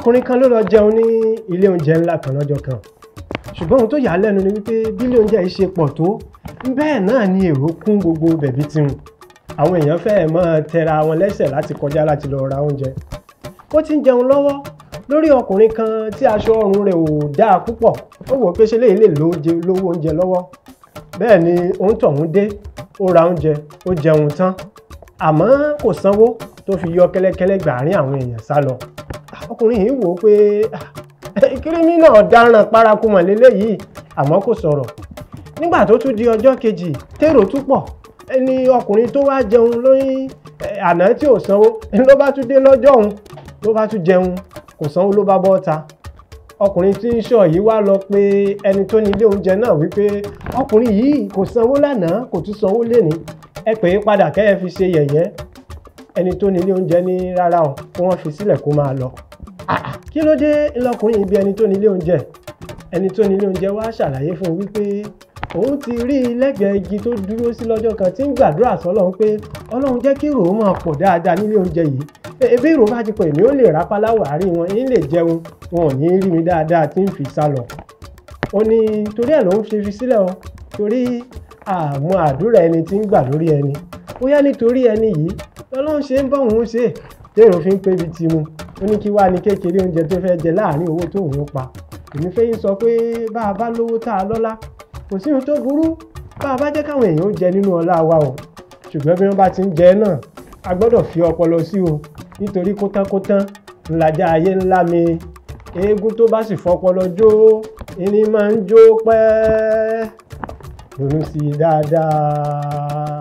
ọkùnrin kan ló lọ jẹun ní ilé oúnjẹ ńlá kan lọ́jọ́ kan ṣùgbọ́n ohun tó yà á lẹ́nu ni wípé bí ilé oúnjẹ yìí ṣe pọ̀ tó bẹ́ẹ̀ náà ni èrò kún gbogbo bẹ̀bí tiwọn àwọn èèyàn fẹ́ẹ̀ máa tẹra wọn lẹ́sẹ̀ láti kọjá láti lọ ra oúnjẹ ó ti ń jẹun lọ́wọ́ lórí ọkùnrin kan tí aṣọ ọrùn rẹ̀ ò dáa púpọ̀ ó wò ó pé ṣe léyìí lè lówó oúnjẹ lọ́wọ́ bẹ́ẹ̀ ni òun tọ̀hún dé ó ra oúnjẹ ó jẹun tán àmọ́ kò sanwó tó fi yọ kẹ́lẹ́kẹ́lẹ́ gbàárín àwọn èèyàn sá lọ ọkùnrin yìí wò ó pé ah, kírímì náà dáràn paraku mọ̀ léléyìí àmọ́ kò sọ̀rọ̀ nígbà tó tún di ọjọ́ kejì tèrò tún pọ̀ ẹni ọkùnrin tó wá jẹun lóyún eh, àná tí ò sanwó ló bá tún dé lọ́jọ́ òun ló bá tún jẹun kò sanwó ló bá bọ́ ta ọkùnrin tí ń sọ yìí wá lọ pé ẹni tó ní ilé oúnjẹ náà wípé ọkùnrin yìí kò sanwó lánàá kò tún sanwó lénìí ẹ pè é padà kẹ́ ẹ fi ṣe yẹ̀yẹ́ ẹni tó ní ilé oúnjẹ ní rárá o kí wọ́n fi sílẹ̀ kó máa lọ ah, ah. kí ló dé lọkùnrin ibi ẹni tó ní ilé oúnjẹ ẹni tó ní ilé oúnjẹ wá ṣàlàyé fún un wípé òun ti rí lẹ́gbẹ̀ẹ́ igi tó dúró sí lọ́jọ́ kan tí ń gbàdúrà sọ́lọ́run pé ọlọ́run jẹ́ kí ìrò máa pọ̀ dáadáa nílé oúnjẹ yìí ebi ìrò bá ti pọ̀ èmi ó lè rápáláwọ̀ àárín wọn èyí lè jẹun wọn ò ní rí mi dáadáa tí ń fi sá lọ. ó ní torí ẹ̀ lòun ṣe fi sílẹ̀ o torí àmọ́ àdúrà ẹni tí ń gbà lórí ẹni ó yá nítorí ẹni yìí lọ́lọ́run ṣe ń bọ̀ òun ṣe téèrò fi ń pébi ti mu ó ní kí wá ní kékeré oúnjẹ tó fẹ́ jẹ láàrin owó tó òun pa èmi fẹ́ yín sọ pé bá a bá lówó tá a lọ́lá kò sí ohun tó burú bá a bá jẹ́ káwọn èèyàn ó jẹ nínú ọlá wa o ṣùgbọ́n bí wọ́n bá ti ń jẹ náà a gbọ́dọ̀ fi ọpọlọ sí o nítorí kótánkótán ńlájà ayé ńlá mi eégún tó bá sì fọpọlọ jó ẹni máa ń jó pẹ́ẹ́ ronú sí dáadáa.